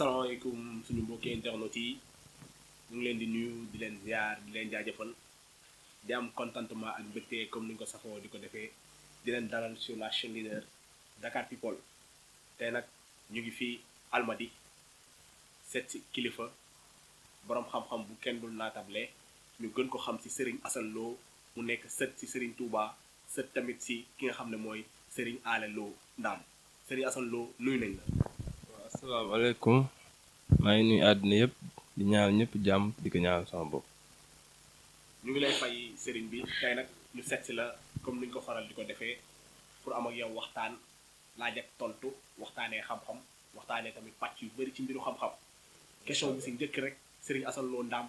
asalaamaaleykum suñu mbokki internet yi ñu ngi leen di nuyu di leen ziar di leen jaajëfal di am contentement ak mbégte comme ni nga ko safoo di ko defee di leen dalal sur la chaîne leader Dakar People tey nag ñu ngi fi Almadi seet ci kilifa boroom xam-xam bu kenn dul naatable ñu gën ko xam si Serigne Assane mu nekk set ci Serigne Touba sët tamit si ki nga xam ne mooy Serigne Allé Lo Ndam Serigne Assane Lo la. asalaamaaleykum maa ngi nuyu àddina yëpp di ñaanal ñëpp jàmm di ko ñaanal sama bopp. ñu ngi lay fay sëriñ bi tey nag ñu seet la comme ni ñu ko faral di ko defee pour am ak yow waxtaan laaj ak tontu waxtaanee xam-xam waxtaanee tamit pàcc yu bari ci mbiru xam-xam question bi si njëkk rek sëriñ Assane Lo Ndam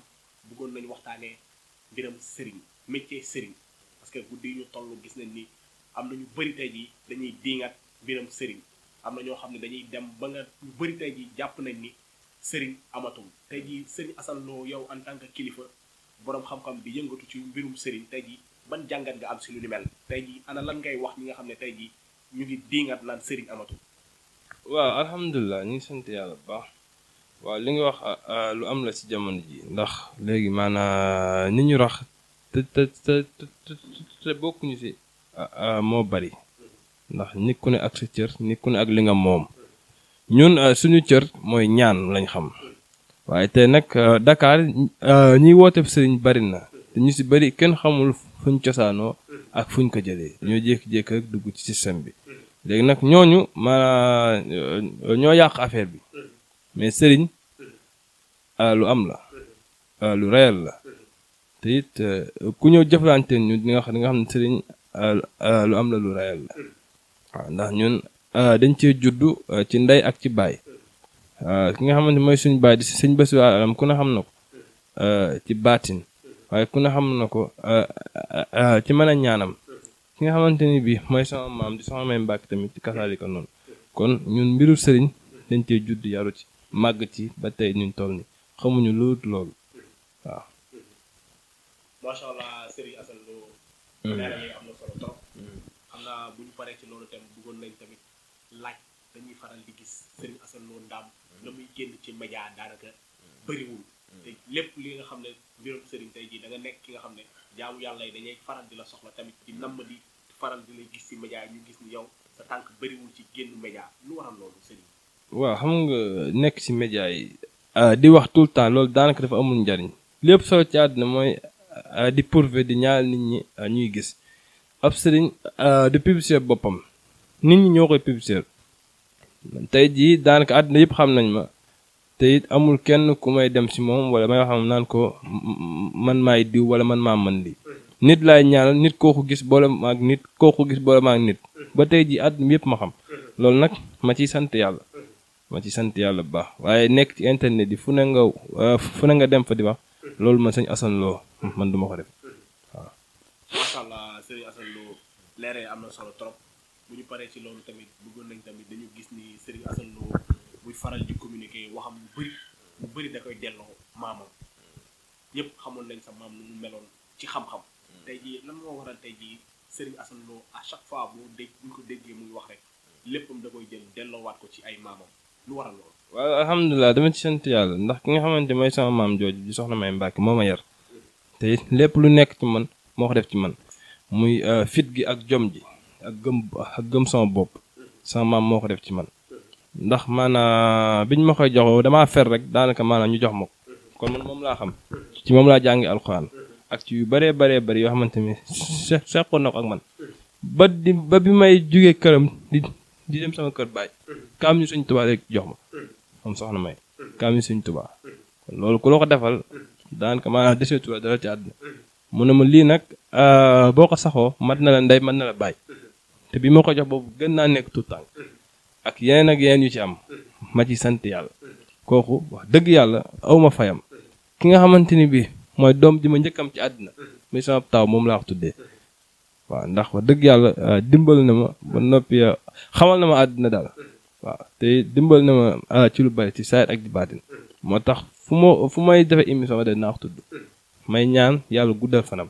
nañu waxtaanee mbiram sëriñ métier sëriñ parce que guddi yu ñu toll gis nañ ni am na ñu bari tey jii dañuy diingat mbiram sëriñ. am na ñoo xam ne dañuy dem ba nga ñu bëri tey jàpp nañ ni sëriñ amatul tey jii sëriñ Assane Lo yow en tant que kilifa borom xam-xam bi yëngatu ci mbirum sëriñ tey jii ban jàngat nga am si lu ni mel tey jii ana lan ngay wax ñi nga xam ne tey jii ñu ngi diingat naan sëriñ amatul. waaw alhamdulilah ñu ngi sant yàlla bu baax waaw li nga wax lu am la si jamono ji ndax léegi maanaa ni ñu rax te te te te bokkuñu si moo bari ndax nit ku ne ak sa cër nit ku ne ak li nga moom ñun euh, suñu cër mooy ñaan lañ xam waaye te nag euh, Dakar euh, ñuy woote sëriñ bari na te ñu si bari kenn xamul fuñ cosaanoo ak fuñ ko jëlee ñoo jékki-jékki dugg ci système bi léegi nag ñooñu ma ñoo yàq affaire bi mais sëriñ lu am la lu réel la te it ku ñëw jëflante ñu di nga xam ne sëriñ lu am la lu réel la waaw ndax ñun euh, dañ cee juddu euh, ci ndey ak ci baay euh, ki nga xamante mooy suñu baay di sëñ Bass alam ku ne xam na ko ci baatin waaye ku ne xam na ko ci mën a ñaanam ki nga xamante ni bii mooy sama maam di sama may mbàkk tamit ci kasaali noonu kon ñun mbiru sëriñ dañ cee judd yaru ci màgg ci ba tey ñu toll ni xamuñu luut loolu bu ñu paree si loolu tamit bëggoon nañ tamit laaj dañuy faral di gis Serigne Assane Lo Ndam hmm. la muy génn ci média daanaka hmm. bëriwul hmm. te lépp li nga xam ne mbirum Serigne tey jii da nekk ki nga xam ne jaamu yàlla yi dañuy faral di la soxla tamit di namm di faral di lay gis ci média yi ñu gis ni yow sa tànk bëriwul ci génn média lu waral loolu Serigne waaw xam nga nekk ci média yi ah, di wax tout le temps loolu daanaka dafa amul njariñ lépp solo ci àddina mooy ah, di pourvu di ñaar nit ñi ah, ñuy gis ab sëriñ euh, di publicité boppam nit ñi ñoo koy publicité tey jii daanaka àdduna yëpp xam nañ ma te it amul kenn ku may dem si moom wala may wax naan ko man maay diw wala man maa man di nit laay ñaanal nit koo ko gis boole ma ak nit koo ko gis boole ma ak nit ba tey jii àddina yëpp ma xam loolu nag ma ciy sant yàlla ma ci sant yàlla bu baax waaye nekk ci internet yi fu ne nga euh, fu ne nga dem fa di wax loolu ma sëñ Assane man duma ko def leeree am na solo trop bu ñu paree ci loolu tamit bëggoon nañ tamit dañu gis ni Serigne Assane Lo buy faral di communiqué waxam lu bëri lu bëri da koy delloo maamam yëpp xamoon nañ sa maam lu mu meloon ci xam-xam. Hmm. tey jii lan moo waral tey jii Serigne Assane Lo à chaque fois boo dégg ko déggee muy wax rek léppam da koy jël delloo waat ko ci ay maamam lu waral loolu. waaw alhamdulilah dama ci sant yàlla ndax ki nga xamante mooy sama maam jooju di soxna may Mbàkke moo ma yar hmm. te lépp lu nekk ci man moo ko def ci man. muy euh, fit gi ak jom ji ak gëm ak gëm sama bopp sama maam moo ko def ci man ndax maanaam biñ ma koy jox damaa fer rek daanaka maanaam ñu jox ma ko kon man laa xam ci moom laa jàngi alxuraan ak ci yu bëree bëree bëri yoo xamante ni seqoon na ak man ba di ba bi may jugee këram di di dem sama kër baay kaam ñu suñ may kaam ñu loolu ku la ko defal daanaka maanaam deseetu la dara ci àdduna mu lii nag Euh, boo ko saxoo mat na la ndey mën na la bàyyi te bi ma ko jox boobu gën naa nekk tout tànk ak yeneen ak yeneen yu ci am ma ci sant yàlla kooku wax dëgg yàlla awma fayam ki nga xamante ni bii mooy doom ji ma njëkkam ci àddina muy sama taaw moom laa tuddee waaw ndax dëgg yàlla euh, dimbal na ma ba noppi euh, xamal na ma àddina daal waaw te dimbal na ma ci lu bari ci saayit ak di moo tax fu ma fu may defe émission ma de naa wax tudd may ñaan yàlla guddal fanam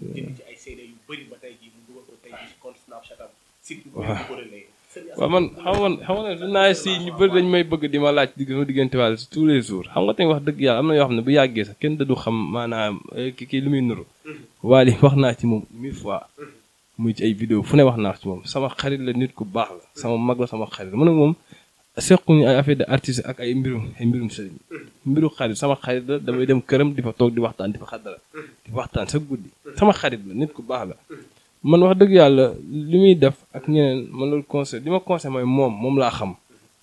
jënd ci ay seede yu bëri am waaw man xam naa si ñu bëri dañ may bëgg di ma laaj di ma diggante waale si tous les jours xam nga tamit wax dëgg yàlla am na yoo xam ne bu yàggee sax kenn da du xam maanaam eh, ki kii lu muy nuru mm-hmm. waali wax naa ci moom mille fois mm-hmm. muy ci ay vidéo fu ne wax naa ci moom sama xarit la nit ku baax mm-hmm. sama mag la sama xarit la moom sequñu ay affaire de artiste ak ay mbirum mbirum sëriñ mbiru xarit sama xarit la damay dem këram di fa toog di waxtaan di fa xaddara waxtaan sa guddi sama xarit la nit ku baax la man wax dëgg yàlla li muy def ak ñeneen man loolu conseil li ma conseil mooy moom moom laa xam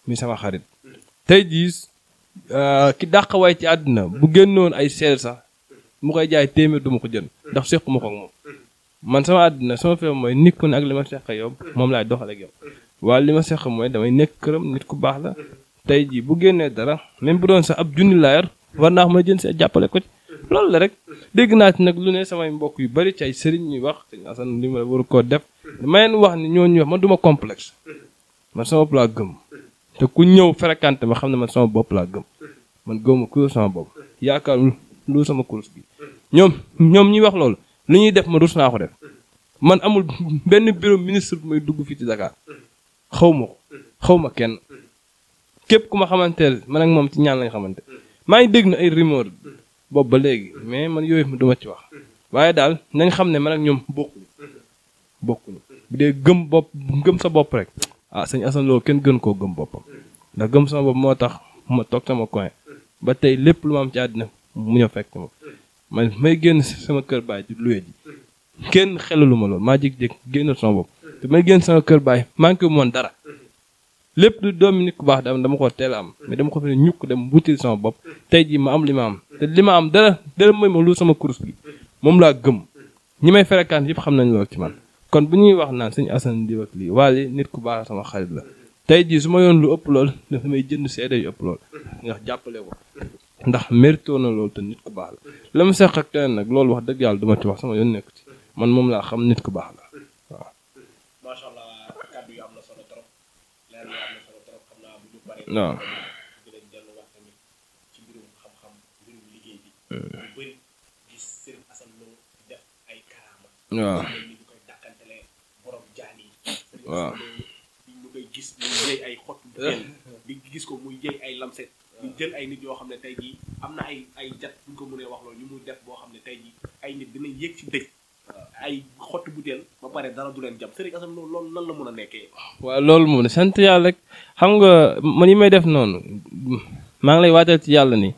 mi sama xarit tey jii euh, ki dàqawaay ci àdduna bu génnoon ay seer sax mu koy jaay téeméer du ko jënd ndax sequ ko man sama àdduna sama mooy nit ak li ma seq yow moom laay doxal ak yow waa li ma seq mooy damay nekk këram nit ku baax la tey jii bu génnee dara même bu doon sax ab junni laa yor war naa ma jën see jàppale ko ci loolu la rek dégg naa ci nag lu ne samay mbokk yu bari ci ay sëriñ ñuy wax sëñ li ma war koo def ma wax ni ñoo ñuy wax man ma complexe man gëm te ku ñëw fréquenté ma xam ne man sama bopp laa gëm man gëmuma ku sama bopp yaakaar lu sama kurus bi ñoom ñoom ñuy wax loolu lu ñuy def ma rus naa ko def man amul benn bureau ministre bu may dugg fii ci Dakar xaw ma ko xaw ma kenn képp ku ma xamante ne man ak moom ci ñaan lañ xamante maa ngi dégg na ay rumeur boobu ba léegi mais man yooyu du ma ci wax waaye daal nañ xam ne man ak ñoom bokkuñu bokkuñu bu dee gëm bopp gëm sa bopp rek ah sëñ Assane kenn gën koo gëm boppam ndax gëm sama bopp moo tax ma toog sama coin ba tey lépp lu ma am ci àddina mu ñëw fekk ma may génn sama kër baay ci luwe ji kenn xelaluma loolu maa jékki-jékki génn sama bopp te may génn sama kër baay manqué moon dara lépp lu doomi nit ku baax dama dama ko teel a am mais dama ko fi ne dem wutil sama bopp tey jii ma am li ma am li ma am dara dara mooy ma lu sama kurus moom laa gëm ñi may fréquente yëpp xam nañ loolu ci man kon bu ñuy wax naan sañ asan di wax lii waaye nit ku baax sama xarit la tey jii su ma yoon lu ëpp lool dafa may jënd seede yu ëpp lool ndax jàppale ko ndax mérito na loolu te nit ku baax la la mu seq ak keneen nag loolu wax dëgg yàlla duma ci wax sama yoon nekku ci man moom laa xam nit ku baax la waaw. macha am na solo trop leer na naa bu waaw wax tamit ci mbirum xam-xam mbirum liggéey bi. bu hmm. bëri gis Serigne Assane Lo def ay karaama. waaw ñu koy waaw ñu koy gis muy jëy ay xott. di gis ko muy jëy ay lamset. ñu jël ay nit yoo xam ne tey jii am na ay ay jat bu ñu ko mënee wax loolu ñu muy def boo xam ne tey jii ay nit dinañ yéeg ci dëj. ay xottu butéel ba pare loolu lan la mën a nekkee. waaw loolu moom sant yàlla rek xam nga man yi may def noonu maa ngi lay waatal ci yàlla ni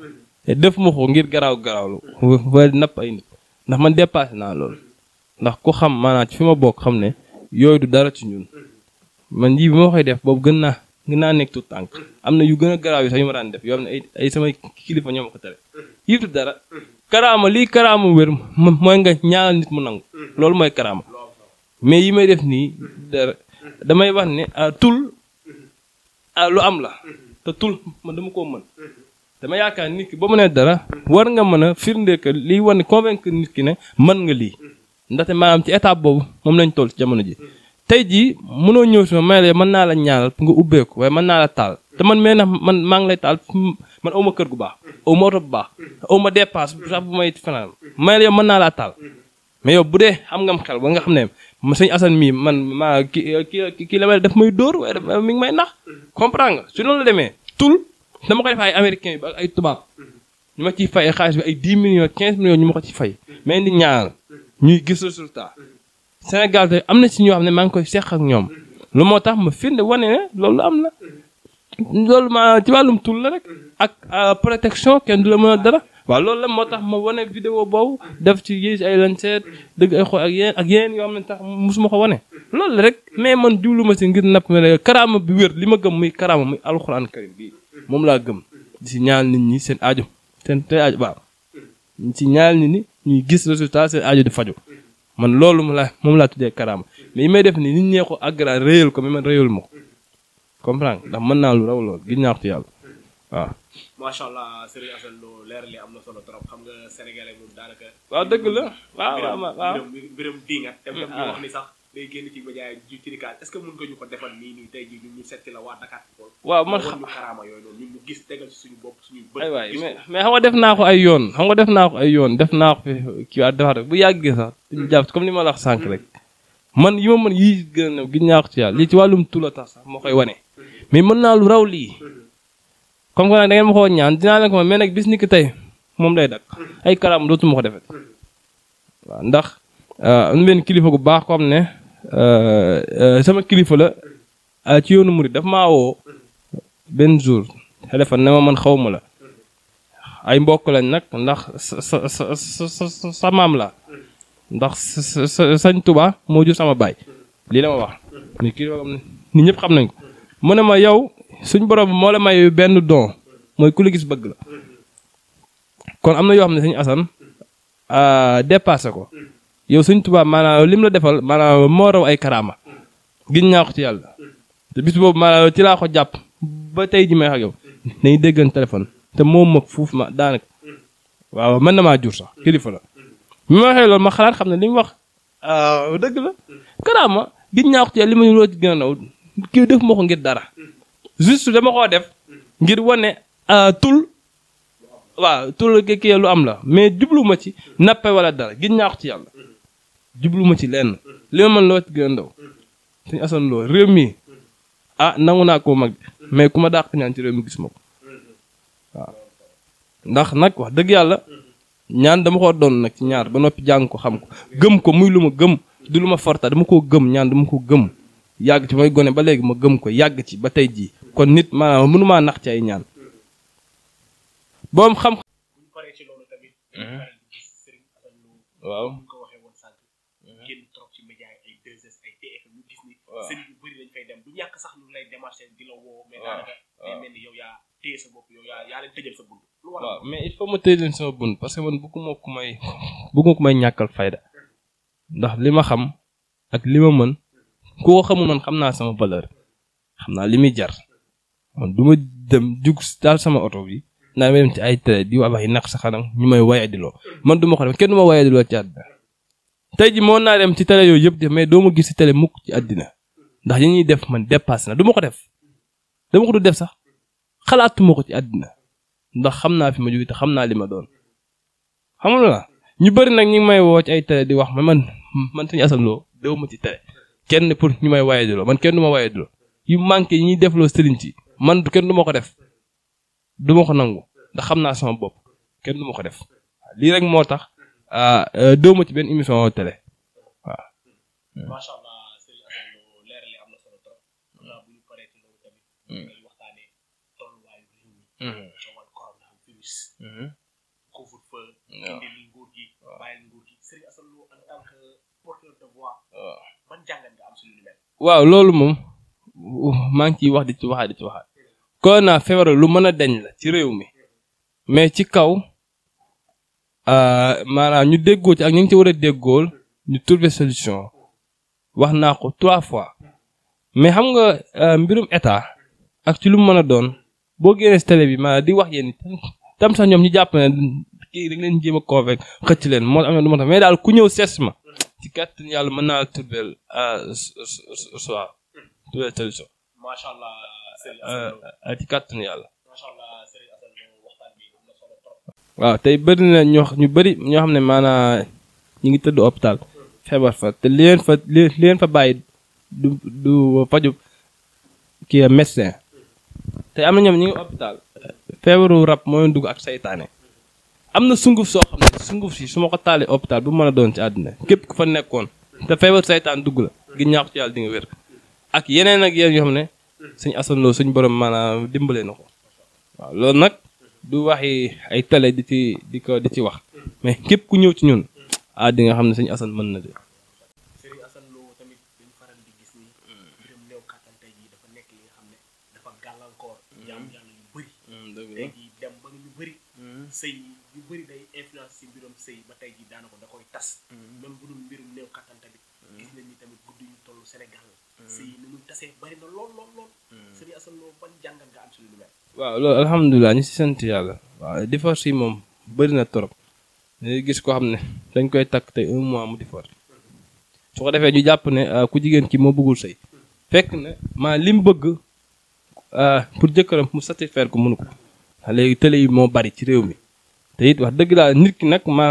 te def ma ko ngir garaaw garaawlu ba napp ay nit ndax man dépassé naa loolu ndax ku xam maanaam ci fi ma bokk xam ne yooyu du dara ci ñun man ji bi ma koy def boobu gën naa gën naa nekk tànk am na yu gën a garaaw yi sax yu ma daan def yoo xam ne ay ay kilifa ñoo du dara. karaama lii karaama wér mooy nga ñaanal nit mu nangu mm-hmm. loolu mooy karaama mais yi may def nii mm-hmm. damay wax ne ah, tul mm-hmm. ah, lu am la te tul man dama koo mën dama yaakaar nit ki ba mu ne dara war nga mën a firndee que liy war ne convaincre nit ki ne mën nga lii ndaxte maanaam ci étape boobu moom lañ toll ci jamono ji tey jii mënoo ñëw si ma may la mën naa la ñaanal nga ubbeeku waaye mën naa la taal te man mee na man maa ngi lay taal man aw ma kër gu baax aw ma oto bu baax aw ma dépasse sax bu may fanaan may la yow mën naa laa taal mais yow bu dee am ngam xel ba nga xam ne sëñ Assane mii man maa ki ki kii la may daf may dóor waaye mi ngi may nax comprendre nga su loolu la demee tul dama ko def ay américains bi ak ay tubaab ñu ma ciy fay xaalis bi ay 10 millions 15 millions ñu ma ko ci fay mais Sénégal te am na si ñoo xam ne maa ngi koy seex ak ñoom lu moo tax ma find wane ne loolu am na loolu ma ci wàllum tul la rek ak euh, protection kenn du la mën a dara waaw loolu la moo tax ma wane vidéo boobu def ci yées ay lancet dëgg ay xool ak yeneen ak yeneen yoo xam ne tax musuma ko wane loolu la rek mais man diwlu si ngir napp ma ne karaama bi wér li ma gëm muy karaama muy alxuraan karim bii moom laa gëm di si ñaan nit ñi seen aajo seen tey aajo waaw nit ñi ñuy gis résultat seen aajo di man loolu mu la moom laa dee karaama mais yi may def nii nit ñee ko agra réyal ko mais man réyal ma ko comprendre ndax mën naa lu raw loolu gis ñaaxtu yàlla waaw. macha allah Serigne leer li am na solo trop xam nga sénégalais moom daanaka. waaw dëgg la waaw waaw waaw mbiram mbiram diingat. dem ñu wax ni sax. day génn que mën nga ñu ko defal waaw man xam ñu xaraama mais xam nga def naa ko ay yoon xam def naa ko ay yoon def naa ko fi kii waa defaat bu yàggee sax ñu mm-hmm. jàpp comme li ma la wax sànq mm-hmm. rek man yi ma mën yii gën a new gis naa ko ci yàlla lii ci wàllum tula tax sax moo koy wane mm-hmm. mais mën naa lu raw lii comme que nag da ngeen ma ko ñaan dinaa leen ko mais nag bis ni ki tey moom lay dakk ay karaam dootuma ko defet waaw ndax Euh, am na benn kilifa bu baax ko xam ne euh, euh, sama kilifa la ci yoonu murid daf maa woo benn jour téléphone ne ma man xaw la ay mbokk lañ nag ndax sa sa sa sa maam la ndax sa sañ tubaa moo jur sama baay lii la ma wax. ni kilifa xam ne ko ma yow suñ borom moo la benn don mooy ku la am na yoo xam ne sëñ Assane dépassé ko. yow sëñ Tuubaa maanaam lim la defal maanaam moo raw ay karaama gis naa ci yàlla te bis boobu maanaam ci laa ko jàpp ba tey ji may wax ak yow nañ déggan téléphone te moom mag fuuf ma daanaka waaw mën na maa jur sax kilifa la bi ma waxee loolu ma xalaat xam ne li mu wax ah, dëgg la karaama gis naa ko ci yàlla li ma ñu loo ci gën a naw kii def ko ngir dara juste dama koo def ngir wane ah, tul waa tul kii lu am la mais jubluma ci nappe wala dara gis naa ci yàlla jubluma ci lenn li ma mën loo ci gën a ndaw suñu asan loo réew mi ah nangu naa koo mag mais ku ma dàq ñaan ci réew mi gis ma ko waaw ndax nag wax dëgg yàlla ñaan dama ko doon nag ci ñaar ba noppi jàng ko xam ko gëm ko muy lu ma gëm du lu ma forta dama koo gëm ñaan dama ko gëm yàgg ci may gone ba léegi ma gëm ko yàgg ci ba tey jii kon nit maanaam mënumaa nax ci ay ñaan boom xam waaw waaw day mel ni yow yaa téye sa bopp yow yaa mais il faut ma tëj sama bunt parce que man bëgguma ku may may ñàkkal fayda ndax li ma xam ak li ma mën ku ko xamul man xam naa sama valeur xam naa li muy jar man du ma dem jug daal sama oto bi naa dem ci ay télé di wax ay naq sa xanam ñu may wayadiloo man du ma ko def kenn du ma wayadiloo ci àddina tey ji moo naa dem ci télé yooyu yëpp de mais doo ma gis ci télé mukk ci àddina ndax li ñuy def man dépassé na du ma ko def dama ko du def sax xalaatuma ko ci àddina ndax xam naa fi ma jóge te xam naa li ma doon xam nga ñu bëri nag ñi may woo ci ay télé di wax ma man man suñu Assane Lo dew ci télé kenn pour ñu may waaye duloo man kenn du ma waaye duloo yu manqué yi ñuy defloo sëriñ ci man kenn du ma ko def du ma ko nangu ndax xam naa sama bopp kenn du ma ko def lii rek moo tax ah, euh, dew ma ci benn émission télé waaw. couvre-feu. Mm-hmm. waaw loolu moom maa ngi ciy wax di ci waxaat di ci waxaat. corona feebar lu mën a dañ la ci réew mi. mais ci kaw euh, maanaam ñu déggoo ci ak ñu ngi ci war a déggool ñu trouver solution. wax naa ko trois fois. mais xam nga euh, mbirum état. ak ci lu mën a doon. boo génnee si télé bi maanaam di wax yéen tam sax ñoom ñu jàpp na kii dañ leen jéem a xëcc leen moo am na lu ma tax daal ku ñëw sees ma ci kàttan yàlla mën naa la turbeel ah, soir turbeel télévision macha allah ah, ah, ci yàlla waaw tey bëri na ñoo ñu bëri ñoo xam ne maanaa ñu ngi tëdd hôpital feebar fa te leen fa li du faju kii médecin te am na ñoom ñu ngi feebaru rab moo dugg ak saytaane am na sunguf soo xam ne sunguf si su ma ko taalee hôpital bu mën a doon ci àddina képp ku fa nekkoon te feebaru saytaan dugg la gi ñaax ci yàlla di nga wér ak yeneen ak yéen yoo xam ne suñu Assane Lo suñu man a dimbalee na ko loolu nag du waxi ay télé di ci di ko di ci wax mais képp ku ñëw ci ñun ah di nga xam ne suñu Assane mën na de. sëy yu bëri day influence si mbirum sëy ba tas mm-hmm. même bu dul mbirum néew mm-hmm. mm-hmm. waaw alhamdulilah ñu si sant yàlla waaw divorce yi moom bëri na torop dañuy gis koo xam ne dañ koy takk tey un mois mu divorce su ko defee ñu jàpp ne ah, ku jigéen ki moo bëggul sëy fekk na maa li mu bëgg ah, pour jëkkëram mu satisfaire ko mënu ko ah, léegi télé yi moo bari ci réew mi te it wax dëgg laa nit ki nag ma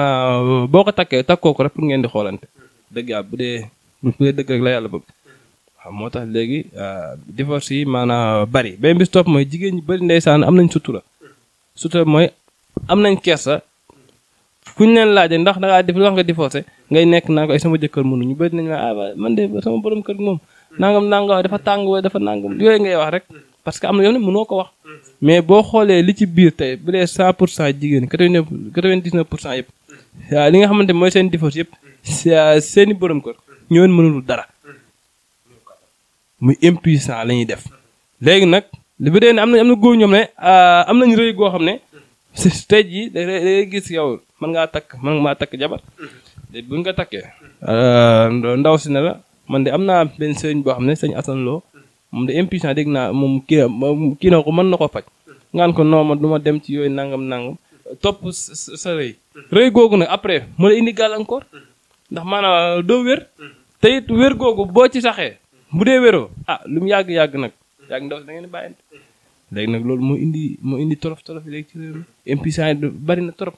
boo ko takkee takkoo ko rek pour ngeen di xoolante dëgg yàlla bu dee bu dëgg la yàlla bëgg waaw moo tax léegi euh, divorce yi maanaam bari benn bis topp mooy jigéen ñu bari ndeysaan am nañ sutura sutura mooy am nañ kersa kuñ leen laajee ndax dangaa def wax nga divorcé ngay nekk naa ko ay sama jëkkër mënu ñu bëri nañ la ah man de sama borom kër moom nangam nangam dafa tàng wala dafa nangam yooyu ngay wax rek parce que am na yow ne mënoo ko wax. Mm-hmm. mais boo xoolee li ci biir tey bu dee 100 pour cent jigéen 99 pour cent yëpp. Mm-hmm. li nga xamante mooy seen divorce yëpp. Mm-hmm. Euh, seeni borom ko ñoo leen mënul dara. muy impuissant la ñuy def. léegi nag li bu dee ne am na am na góor ñoom euh, am nañu rëy goo xam ne. si tey jii gis yow man ngaa takk mën nga maa takk jabar léegi bu ñu ko takkee. Euh, ndaw si ne la man de am naa benn sëñ boo xam ne sëñ Assane moom de impuissant dégg naa moom kii kii na ko mën na ko faj ngaan ko nooma du ma dem ci yooyu nangam nangam topp sa rëy rëy googu nag après mu la indi gàllankoor ndax maanaam euh, doo wér te it wér googu boo ci saxee bu dee wéroo ah lu mu yàgg-yàgg nag yàgg ndaw si da ngeen di léegi nag loolu moo indi moo indi torof torof yi léegi ci réew mi impuissant bari na trop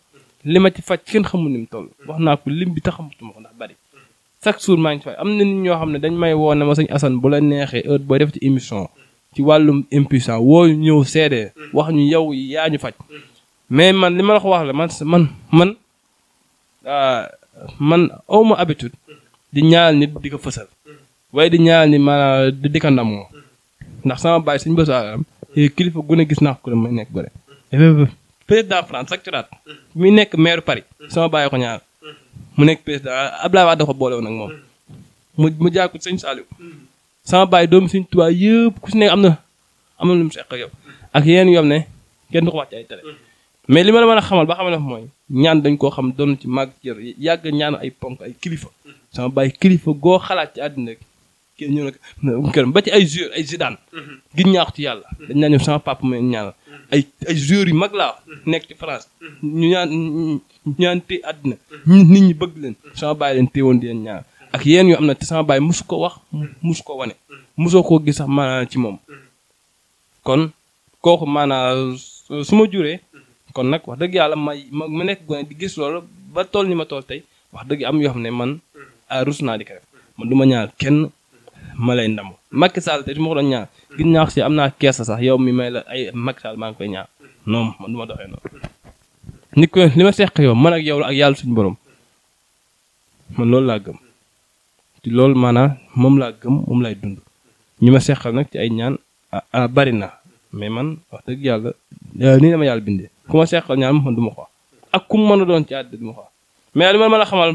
li ma ci faj kenn xamul ni mu toll wax naa ko lim bi taxamatuma ko ndax bari chaque jour maa ngi fay am na nit ñoo xam ne dañ may woo ma sëñ Assane bu la neexee heure booy def ci émission ci wàllum impuissant wooyu ñëw seede wax ñu yow yaa ñu faj mais man li ma la ko wax la man man man ah, man awma habitude di ñaanal nit di ko fësal waaye di ñaanal nit maanaam di di ko ndamoo ndax sama baay suñu bës alam eh, kilifa gu ne gis naa ko may nekk gore eh, peut-être dans France sax muy nekk maire Paris sama baay ko ñaanal mu nekk président Ablaye Wade dafa boole woon ak moom mu mu jàkku sëñ Saliou sama baay doom sëñ Tuubaa yëpp ku si nekk am na am na lu mu seq ak yow ak yeneen yoo xam ne kenn du ko ci ay télé mais li ma la mën a xamal ba xamal mooy ñaan dañ koo xam doon ci màgg jër yàgg ñaan ay ponk ay kilifa sama baay kilifa goo xalaat ci àddina kenn ñëw na këram ba ci ay jur ay zidane mhm. gin ñaax ci yàlla mhm. dañ naa ñëw sama papa mu ñaanal ay ay joueurs yu mag laa mm-hmm. nekk ci France mm-hmm. ñu ñaan ñaan téye àddina nit ñi bëgg leen mm-hmm. sama baay leen téye woon yen leen ñaar ak yéen yoo am na te sama baay mosu ko wax mosu ko wane mosoo koo gis ma maanaa ci moom kon kooku maanaa su ma juree kon nag wax dëgg yàlla may ma ma nekk gone di gis loolu ba tool ni ma tool tey wax dëgg am yoo xam ne man ah, rus naa di kenn ma lay ndamu Macky Sall te du ma ko doon ñaar gis ñaax si am naa keesa sax yaw mi may la ay Macky Sall maa ngi koy ñaar non man du ma doxee noonu. nit ko li ma seq yow man ak yow ak yàlla suñu borom man loolu laa gëm te moom laa gëm lay dund ñu ma seqal nag ay ñaan bari na mais man wax dëgg yàlla euh, nii dama yàlla bindee ku ma seqal ñaan man du ma ko ak ku mu mën a doon ci àdd du ko wax mais li ma a xamal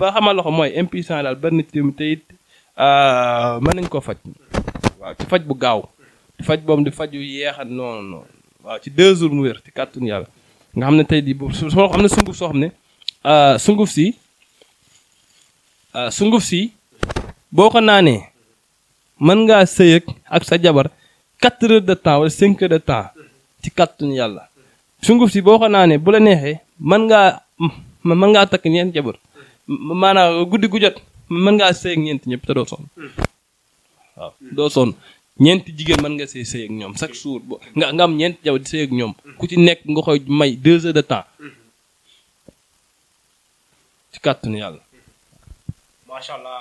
ba xamal loxo mooy impuissant daal bari na te it Euh, mën nañ ko faj ci faj bu gaaw faj boobu di faj yu yeexat noonu noonu waaw ci deux jours mu wér ci kàttun yàlla nga xam ne tey di boobu soo xam ne sunguf soo ne sunguf si euh, sunguf si boo ko naanee mën ngaa sëyëg ak sa jabar quatre heures de temps wala cinq heures de temps ci kàttun yàlla sunguf si boo ko naanee bula neexee mën ngaa man ngaa takk ñeent jabar maanaam guddi gu mën ngaa sëy ak ñeent ñëpp te doo sonn hmm. waaw hmm. doo sonn ñeenti jigéen mën nga see sëy ak ñoom chaque jour nga nga am ñeenti jaw di sëy ak ñoom hmm. ku ci nekk nga koy may de temps ci kàttanu yàlla. macha jàng la.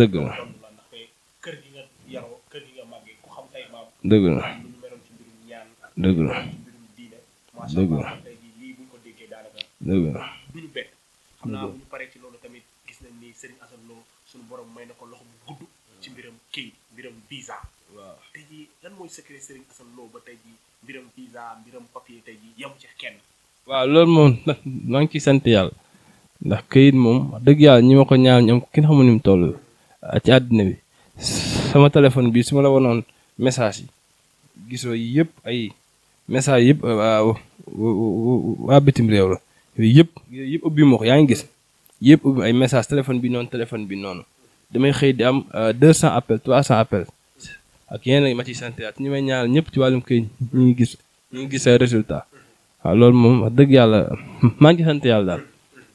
dëgg dëgg dëgg la dëgg la dëgg xam naa ci loolu tamit gis nañ ni Serigne Assane Lo loxo bu ci mbiram kii mbiram visa. waaw tey jii lan mooy secret Serigne Lo ba moom maa ngi ciy sant yàlla ndax këyit moom dëgg yàlla ñi ma ko ñaaw ñoom ki nga xamul mu toll ci àddina bi sama téléphone bi su ma la wanoon message yi gisoo yëpp ay. message yëpp euh, waa bitim réew la yooyu yëpp yooyu yëpp ubbi ma ko yaa ngi gis yëpp ubbi ay message téléphone bi noonu téléphone bi noonu damay xëy di am 200 euh, appels 300 appels ak yenn ma ciy sant ñu may ñaar ñëpp ci wàllum këy ñu ngi gis ñu ngi gis résultat waaw loolu moom wax dëgg yàlla maa ngi sant yàlla daal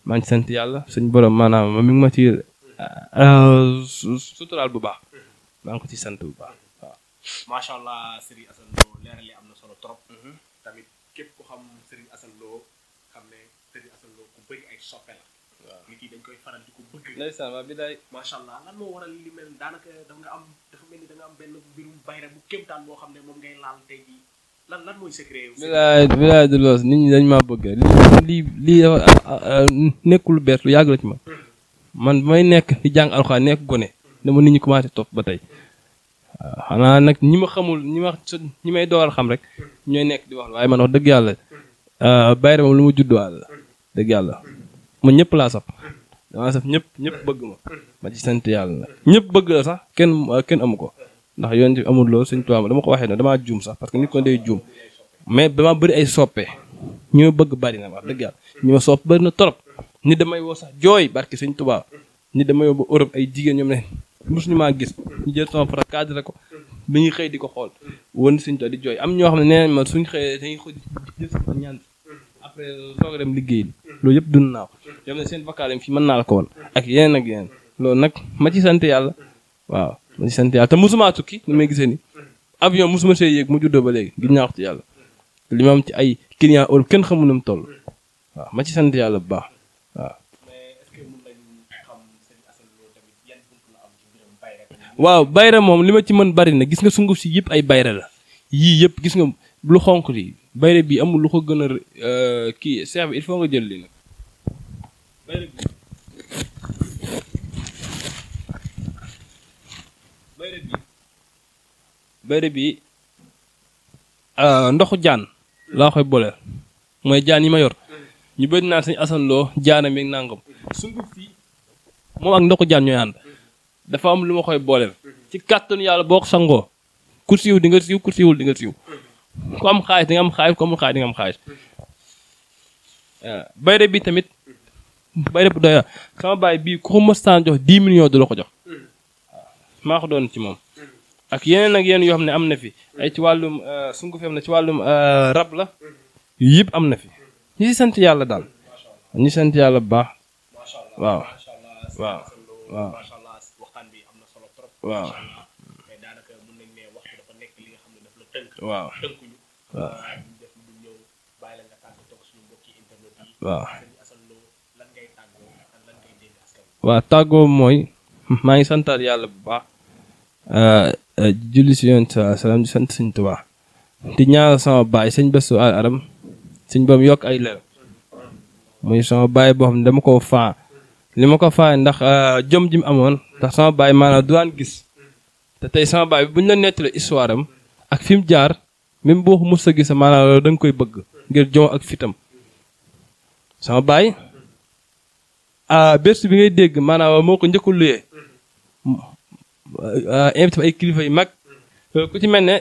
maa ngi sant yàlla suñ borom maanaam mi ngi ma ci euh, suturaal bu baax maa sant solo trop. Mhm. tamit képp ku xam Serigne Assane Lo bëri ay soppe la. waaw bi day. macha allah lan moo waral li mel ni da nga boo xam ne moom ngay laal tey mooy secret yow. bilaay bilaay loos nit ñi dañ maa bëgg lii lii dafa ah, ah, ah, nekkul bees lu yàgg la ci man. Hmm. man may nekk di jàng alxuraan nekk gone. Hmm. dama nit ñi commencé topp ba tey. xanaa nag ñi ma xamul ñi ma ñi may dooral xam rek ñooy nekk di wax waaye man wax dëgg yàlla euh, Bayre lu ma judduwaal la dëgg yàlla man ñëpp laa saf damaa saf ñëpp ñëpp bëgg ma ma ci sant yàlla nag ñëpp bëgg la sax kenn kenn amu ko ndax yoon bi amul loolu sëñ Tuubaa dama ko waxee noonu damaa juum sax parce que nit ko dee juum mais damaa bëri ay soppe ñu ma bëgg bari na wax dëgg yàlla ñi ma sopp bëri na torop nit damay woo sax jooy barke sëñ Tuubaa nit damay woo ba ay jigéen ñoom ne mosuñu ma gis ñu jël sama photo cadre ko bi ñuy xëy di ko xool woon suñ to di jooy am ñoo xam ne nee ma suñ xëyee dañuy xëy jël sama ñaan après soog a dem liggéey loolu yëpp dund naa ko yoo xam ne seen naa la ak yeneen ak yeneen nag ma ci sant yàlla waaw ma ci sant yàlla te mosumaa tukki ni may gisee ni avion mosuma see yéeg mu juddoo ba léegi gis naa ko yàlla li ma am ci ay client ol kenn xamu nu mu ma ci sant yàlla bu baax waaw bayra moom li ma ci mën bari na gis nga sunguf si yëpp ay bayra la yii yëpp gis nga lu xonq li bayra bi amul lu ko gën a euh, kii seex bi il faut nga jël li nag bi euh, ndoxu jaan laa koy booleel mooy jaan yi ma yor ñu bëri naa sañ asanloo jaana mi nangam sunguf si moom ak ndoxu jaan ñooy ànd dafa am lu ma koy booleel. ci kàttanu yàlla boo sangoo ku siiw di nga siiw ku siiwul di nga siiw. ku am xaalis di am xaalis ku amul xaalis di nga am xaalis. Ah, bayre bi tamit bayre bu doy sama baay bii ku ko mëstaan jox 10 millions du la ko jox. Ah, maa ko doon ci moom. ak yeneen ak yeneen yoo xam ne am na fi ay ci wàllum ah, sungu fi na ci wàllum rab la yépp am na fi ñu si sant yàlla daal ñi sant yàlla bu baax waaw waaw waaw mais waaw tàggoo mooy maa ngi santaat yàlla bu baax. Euh, euh, julli si yoon salaam di sant sëñ Tuubaa di ñaanal sama baay sëñ Bassirou Al Aram sëñ bam yokk ay leer muy sama baay boo xam ne li ma ko faa ndax euh, jom jim amoon ndax sama baay maanaam du daan gis te tey sama baay bu ñu la nettali histoire am ak fi jaar même boo ko mos a gis maanaam loolu da koy bëgg ngir jom ak fitam sama baay ah bi ngay dégg maanaam moo ko njëkk a luyee ay kilifa yu mag ku ci mel ne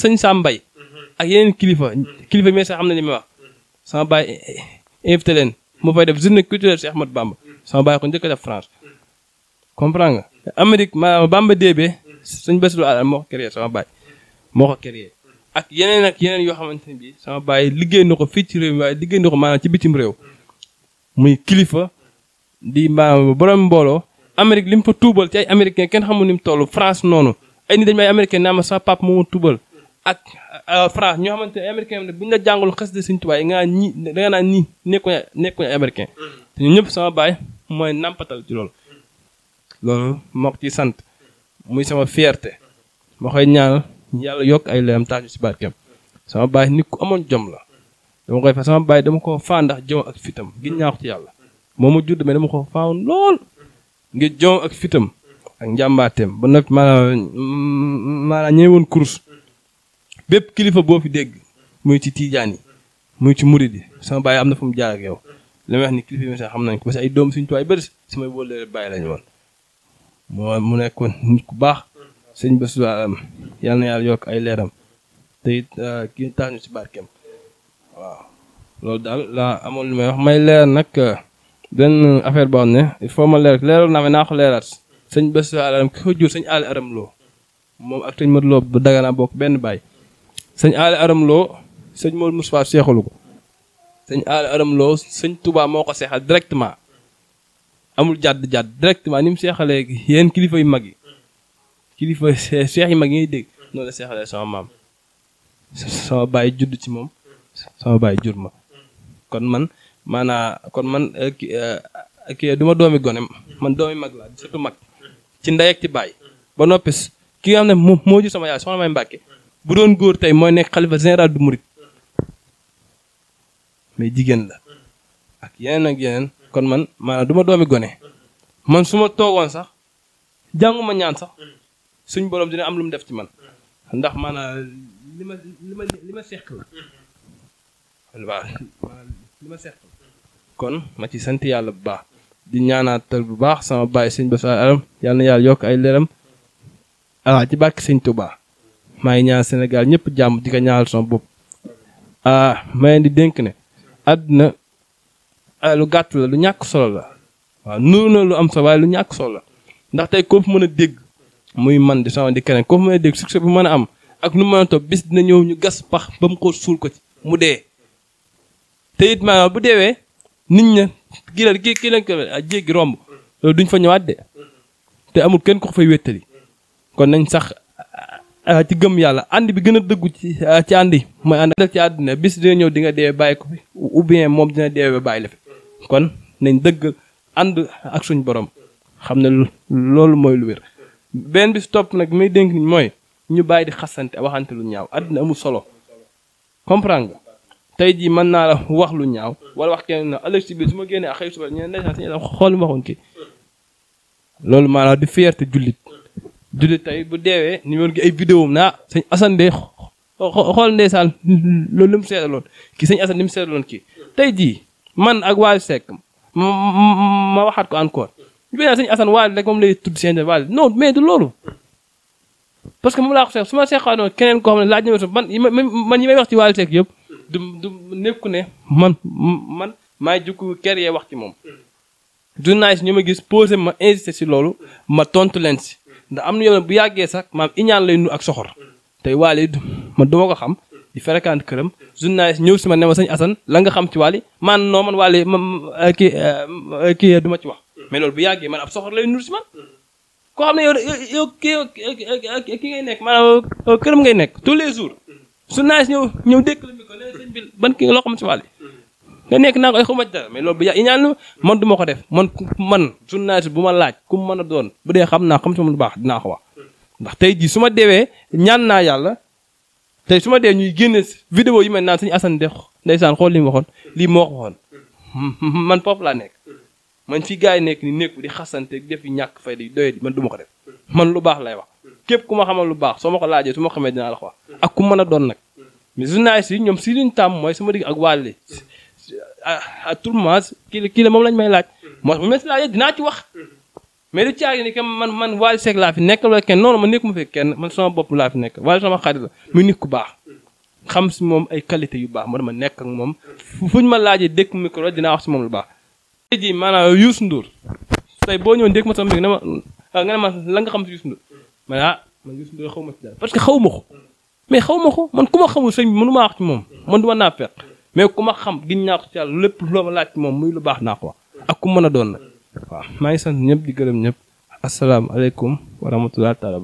sëñ mbay ak yeneen kilifa kilifa yi sax xam na li may wax sama baay invité leen mu fay def journée culturelle si Ahmad Bamba sama baay ko njëkk def France comprend nga maa ma Bamba Débé suñ bés lu àll moo ko sama baay moo ko créé ak yeneen ak yeneen yoo xamante ne bii sama baay liggéey na ko fii ci réew mi waaye ci bitim réew muy kilifa di maanaam borom mbooloo Amérique lim mu fa tuubal ci ay américain kenn xamul ni mu toll France noonu ay nit dañu ay américain naa ma sama pap moo ma tuubal ak euh, France ñoo xamante ne américain ne bu ñu la xas de suñu tubaab yi nga ñi da nga naan ñi nekkuñu nekkuñu ay mm-hmm. ñëpp sama baay mooy ci loolu. loolu moo ko ci sant muy sama fierté moo koy ñaanal yàlla yokk ay leeram taaju si barkeem sama baay nit ku amoon jom la dama koy fa sama baay dama ko faa ndax ak fitam ngir ñaaw ci yàlla moom mu judd mais dama lool ngir jom ak fitam ak njàmbaateem ba noppi maanaam maanaam ñëwee woon kurus bépp kilifa boo fi dégg muy ci tiijaan yi muy ci murid yi sama baay am na fu jaar ak yow li may wax ni kilifa yi xam nañ ko parce que ay doom suñu tuwaay bëri samay wóllëre bàyyi lañu woon moo mu nekkoon nit ku baax sëñ bés am yal na yàlla yokk ay leeram te it ah, kii tax ñu si barkeem waaw loolu daal laa amoon lu may wax may leer nag ah, benn affaire boo xam ne il faut ma leer leeral naa fi naa ko leeraat sëñ bés alam ki ko jur sëñ aali loo moom ak sëñ Modou Lo ba bokk benn baay sëñ aali aram loo sëñ Modou Moustapha seexalu ko sëñ aali aram loo sëñ Touba moo ko seexal directement amul jàdd jàdd directement nim mu seexalee yéen kilifa yu mag yi kilifa seex yu mag yi ngay dégg noonu la seexalee maam sama baay judd ci moom sama baay jur ma kon man maanaa kon man euh, euh, kii du ma doomi gone man doomi mag laa surtout mag ci ndey ak baay ba noppi ki nga xam ne moo yaay soxna may Mbàkke bu doon góor tey mooy nekk xalifa général du murit jigéen la ak yeneen ak yeneen kon man maanaam du ma doomi gone man su ma toogoon sax ñaan sax suñ borom am lu def ci man ndax maanaam ma ci sant yàlla bu baax di ñaanaatal bu baax sama baay sëñ Bass Aram yàlla na yàlla yokk ay leeram ah ci bàkki sëñ Touba maa ngi ñaan Sénégal ñëpp jàmm di ko sama bopp ah ma di dénk ne àdduna lu gàtt la lu ñàkk solo la waaw nuru na lu am solo waaye lu ñàkk solo la ndax tey koo mën a dégg muy man di sama di keneen koo mën a dégg succès bi mën a am ak nu mën a topp bis dina ñëw ñu gas pax ba mu ko ko ci mu dee te it bu deewee nit ña kii la kii kii lañ ko ah, jéggi fa ñëwaat de te amul ko fay wéttali kon nañ sax ah, ah, ci gëm yàlla bi gën a dëggu ci ci ànd bàyyi ko fi ou bien moom dina deewee bàyyi la fi kon nañ dëgg ànd ak suñ borom xam ne loolu mooy lu wér benn bi si topp nag may dénk niñ mooy ñu bàyyi di xasante waxante lu ñaaw àddina amul solo comprendre nga tey jii mën naa la wax lu ñaaw wala wax kenn na ëllëg si su ma génnee ak xëy suba ñeneen ndeysaan si ñeneen xool loolu maanaam di fierté jullit tey bu deewee ni gi ay vidéo naa ah, sëñ Assane ndeysaan loolu li mu seetaloon kii sëñ Assane li mu seetaloon kii tey jii man ak Waly Seck ma waxaat ko encore ñu koy naan sëñ Assane Waly seen Waly non mais du loolu. parce que moom laa ko su ma seqaanoon keneen koo xam ne laaj na ma man man yi may wax ci Waly yëpp du nekku ne man man maay jukku kër yee wax ci moom. journaliste ñu ma gis posé ma insisté si loolu ma tontu leen si ndax am na yoon bu yàggee sax maam iñaan lay nu ak soxor tey Waly ma duma ko xam di fréquente këram journaliste ñëw si ma ne ma sëñ Assane la nga xam ci Wally man noo man Wally kii eh, kii du ma ci wax mais loolu bu yàggee man a soxor lay nur si man koo xam ne yow yow ki ngay nekk maanaam këram ngay nekk tous les jours journaliste ñëw ñëw dékk la ban ki loo xam ci Wally nga nekk naa ko ay xawma dara mais loolu bu yàgg ñaan man duma ko def man man journaliste bu ma laaj ku mu mën a doon bu dee xam naa xam ci moom lu baax dinaa ko wax ndax tey jii su ma deewee ñaan naa yàlla tey su ma dee ñuy génne vidéo yi mel naan suñu Assane de ndeysaan xool li mu waxoon waxoon man foofu laa nekk man fi gars yi nekk ni nekku di xasante def yi ñàkk fay di doye di man du ma ko def man lu baax lay wax képp ku ma xamal lu baax soo ma ko laajee su ma xamee dinaa la ko wax ak ku mën a doon nag mais journaliste yi ñoom si liñ tàmm mooy sama digg ak wàlle à tout le monde kii la kii la moom lañ may laaj moo bu mes laajee dinaa ci wax mais du caagi ni que man man Wally Seck laa fi nekk wala kenn noonu man nekkuma fi kenn man sama bopp laa fi nekk waaye sama xarit la muy ku baax xam si moom ay qualité yu baax ma dama nekk moom fuñ ma laajee dëkk micro dinaa wax si moom lu baax. tey jii maanaam Youssou Ndour boo ñëwoon dëkk ma sama mbir nga ne ma ah, la xam si Youssou Ndour ah, xaw ma parce que xaw ma ko mais xaw ma ko man ku ma sëñ mënu maa moom man du ma naa fekk mais ku ma xam gis naa ko ci lépp loo ma laaj moom muy lu baax naa ko wax ak ku mën a doon la waaw maa ngi sant ñëpp di gërëm ñëpp asalaamaaleykum wa rahmatulah taala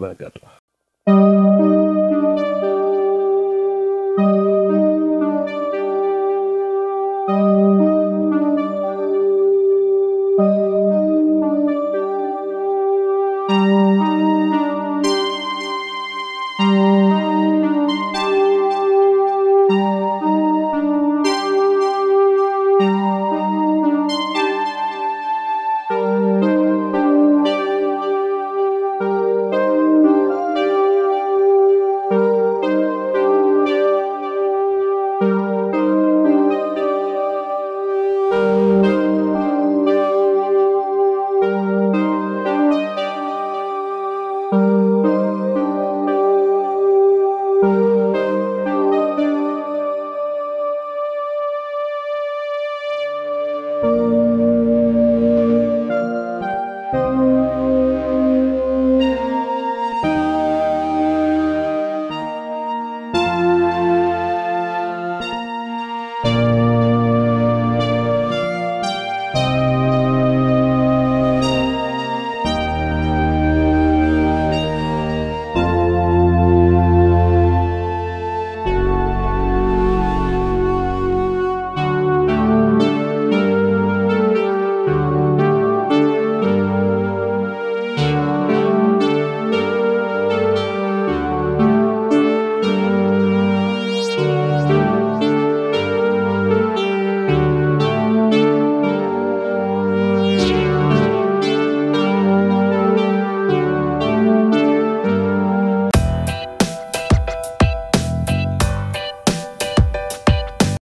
thank you